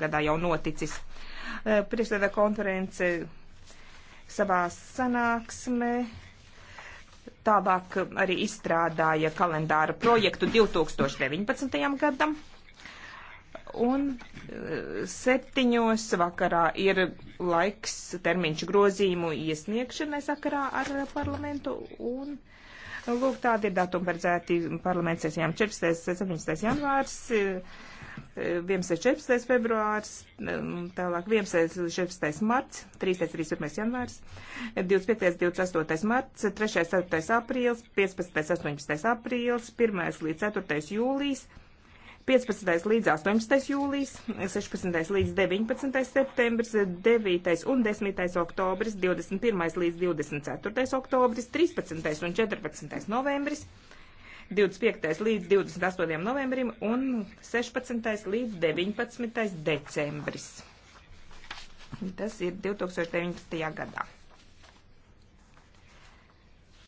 gadā jau noticis. Priekšstādā konference savā sanāksmē tālāk arī izstrādāja kalendāra projektu 2019. gadam. Un septiņos vakarā ir laiks termiņš grozījumu iesniegšanai sakarā ar parlamentu. Un, lūk, tādi ir datumi paredzēti parlaments sesijām 14. 17. janvārs. 11.14. februārs, um, tālāk 11.14. marts, 3.31. janvārs, 25.28. marts, 3.4. aprīls, 15.18. aprīls, 1. līdz 4. jūlijas, 15. līdz 18. jūlijas, 16. līdz 19. septembris, 9. un 10. oktobris, 21. līdz 24. oktobris, 13. un 14. novembris. 25. līdz 28. novembrim un 16. līdz 19. decembris. Tas ir 2019. gadā.